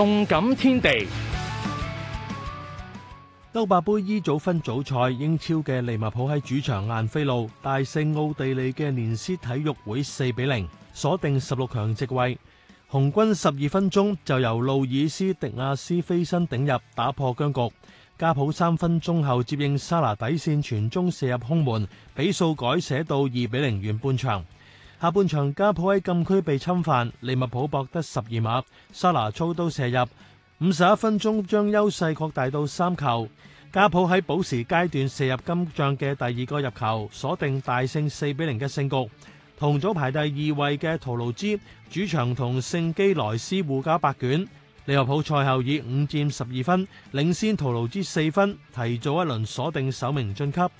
動感天地，歐霸杯 E 組分組賽，英超嘅利物浦喺主場晏菲路，大勝奧地利嘅連斯體育會四比零，鎖定十六強席位。紅軍十二分鐘就由路爾斯迪亞斯飛身頂入打破僵局，加普三分鐘後接應沙拿底線傳中射入空門，比數改寫到二比零完半場。下半場，加普喺禁區被侵犯，利物浦博得十二碼，沙拿操刀射入，五十一分鐘將優勢擴大到三球。加普喺補時階段射入金將嘅第二個入球，鎖定大勝四比零嘅勝局。同組排第二位嘅圖盧茲主場同聖基萊斯互交白卷，利物浦賽後以五戰十二分領先圖盧茲四分，提早一輪鎖定首名晉級。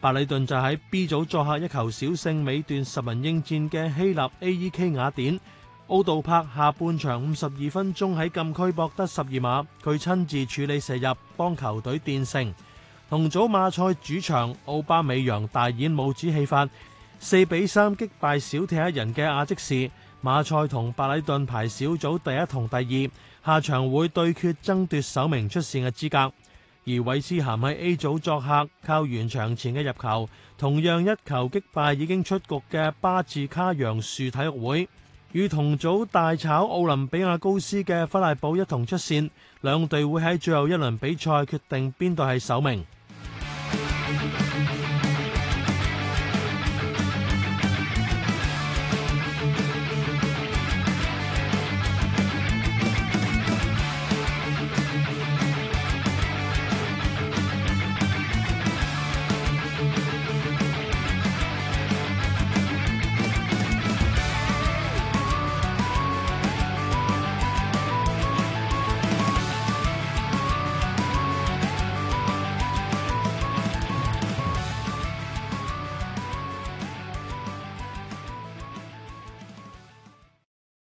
白禮頓就喺 B 組作客一球小勝，尾段十人應戰嘅希臘 AEK 雅典。奧度柏下半場五十二分鐘喺禁區博得十二碼，佢親自處理射入，幫球隊奠勝。同組馬賽主場奧巴美揚大演帽子戲法，四比三擊敗少踢一人嘅阿積士。馬賽同白禮頓排小組第一同第二，下場會對決爭奪首名出線嘅資格。而韋斯咸喺 A 組作客，靠完場前嘅入球，同樣一球擊敗已經出局嘅巴治卡楊樹體育會，與同組大炒奧林匹亞高斯嘅弗賴堡一同出線，兩隊會喺最後一輪比賽決定邊隊係首名。